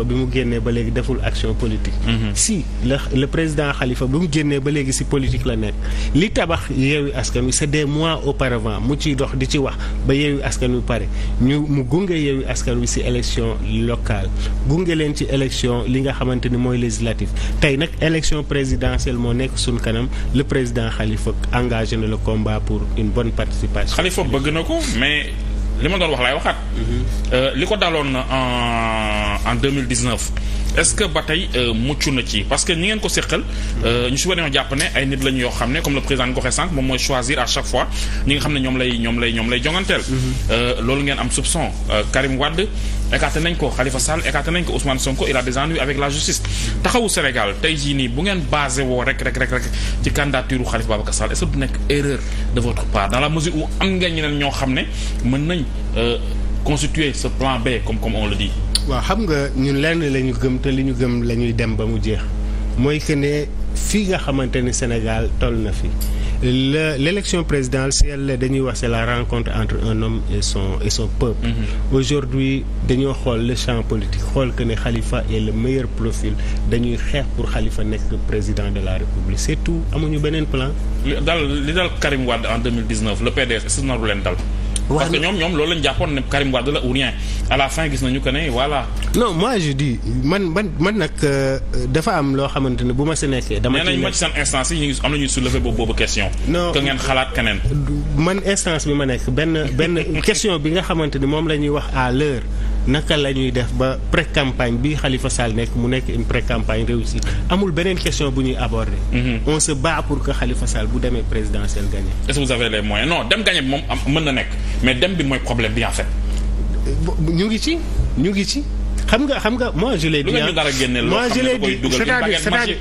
ba bi mu génnee ba léegi deful action politique. Mhm. si le le président Khalifa bi mu génnee ba léegi si politique la nekk li tabax yeewi askan wi c'est des mois auparavant mu ciy dox di ci wax ba yeewi askan wi pare ñu mu gunge yeewi askan wi si élection locale gunge leen ci élection li nga xamante ni mooy législative tey nag élection présidentielle moo nekk suñu kanam le président Khalifa engagé na la combat pour une bonne participation. Khalifa bëgg na ko ma Euh, li ko daloon euh, en en est ba tey euh, mucc na ci parce que ñi ngeen ko seqal. ñu si war a jàpp ne ay nit la yoo xam ne comme le président Ngoxe sànq moom mooy choisir à chaque fois ñi nga xam ne ñoom lay ñoom lay jonganteel. Mhm. loolu ngeen am soupçon Karim Wade écarté nañ ko Khalifa Sall écarté nañ ko Ousmane Sonko il a des ennuis avec la justice. taxawu Sénégal tey jii nii bu ngeen basé woo rek rek rek ci candidature Khalifa Babacar Sall est du nekk erreur constituer ce plan B comme on le di waa xam nga ñun lenn la ñu gëm te li ñu gëm la ñuy dem ba mu jeex mooy que ne fii nga xamante ni Sénégal toll na fi la l'élection présidentielle dañuy wax c'est la rencontre entre un homme et son et son peuple. mm aujourd'hui dañoo xool le champ politique xool que ne Khalifa est le meilleur profil dañuy xeex pour Khalifa nekk président de la République c'est tout amuñu beneen plan. li dal li dal Karim Wade en 2019 le PDS est-ce que leen dal. parce que ñoom ñoom loolu lañu jàppoon ne Karim Wade la ou rien à la fin gis nañu que ne voilà. non moi je dis man man man nag euh, dafa am loo xamante ne bu ma si nekkee. dama ci ma ci seen instance yi ñu am nañu soulever boobu boobu question. non que ngeen xalaat keneen. man instance bi ma nekk benn benn question bi nga xamante ni moom la ñuy wax à l'heure naka la ñuy def ba pré campagne bi Khalifa Sall nekk mu nekk une pré campagne réussie amul beneen question bu ñuy aborder. Mhm. on se pour que Khalifa Sall bu demee présidentielle gagné. est que vous avez les moyens non dem gagné bi moom mën na nekk mais dem bi mooy problème bi en fait. ñu ngi ci ñu ngi ci. xam nga xam nga moi je l'ai dit moi je l'ai dit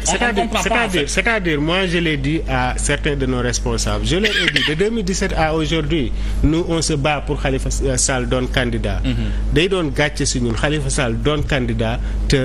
c'est-à-dire c'est-à-dire moi je l'ai dit à certains de nos responsables je leur ai dit de 2017 à aujourd'hui nous on se bat pour Khalifa Sall euh, doon candidat mm-hmm. day doon gàcce si ñun Khalifa Sall doon candidat te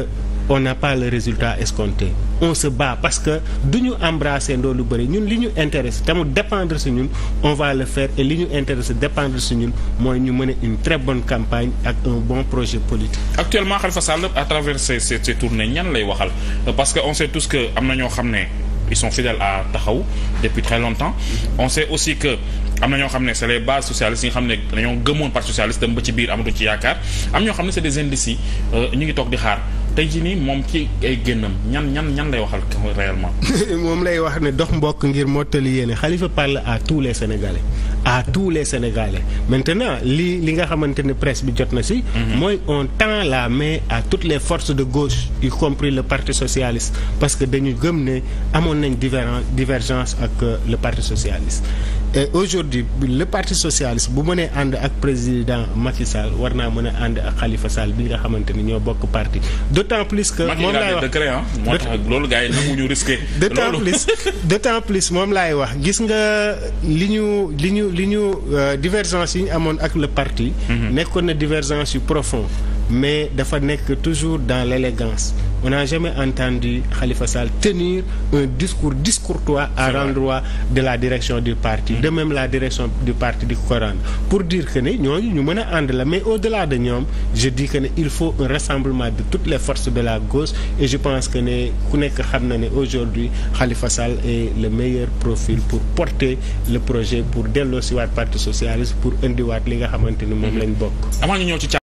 on n'a pas le résultat escompté on se bat parce que du ñu embrasser ndoo lu bari ñun li ñu intéresse te mu dépendre si ñun on va le faire et li ñu intéresse dépendre si ñun mooy ñu mën a une très bonne campagne ak un bon projet politique. actuellement Khalifa Sall à travers ces ces ces ñan lay waxal parce que on sait tous que am na ñoo xam ne ils sont fidèles à Taxawu depuis très longtemps on sait aussi que. am na ñoo xam ne c'est les bases yi nga xam ne dañoo gëmoon parti socialiste dem ba ci biir amatu ci yaakaar am xam ne c'est des indices euh, ñu ngi toog di xaar tey jii nii moom ci ay génnam ñan ñan ñan lay waxal réellement. moom lay wax ne dox mbokk ngir mottali yéene Khalifa parle à tous les Sénégalais. à tous les Sénégalais maintenant li li nga xamante ne presse bi jot na si. Mhm. mooy on tend la mais à toutes les forces de gauche y compris le parti socialiste parce que dañu gëm ne amoon nañ divergence ak euh, le parti socialiste. et aujourd'hui le parti socialiste bu mënee ànd ak président Macky Sall war naa mën a ànd ak Khalifa Sall bi nga xamante ni ñoo bokk parti d'autant plus que. moom laay wax moo tax loolu gars yi nanguñu moom laay wax gis nga li ñu li ñu. li ñu euh, divergence yi ñu amoon ak le parti. Mhm. nekkoon na divergence yu profond mais dafa nekk toujours dans l'élégance on n'a jamais entendu Khalifa Sall tenir un discours discourtois à l'endroit de la direction du parti mm. de même la direction du parti di ko pour dire que ne ñooñu ñu mën a ànd la mais au-delà de ñoom je dis que ne il faut un rassemblement de toutes les forces de la gauche et je pense que ne ku nekk xam na ne aujourd'hui Khalifa Sall est le meilleur profil pour porter le projet pour delloo si waat parti socialiste pour indiwaat li nga xamante ni moom mm-hmm. lañ bokk